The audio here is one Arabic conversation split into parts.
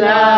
Allah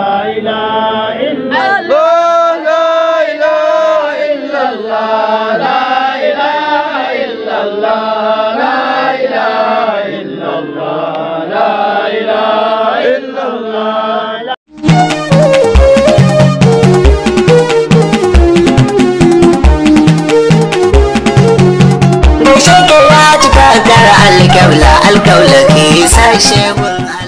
alkaula alkaula ke sa shegun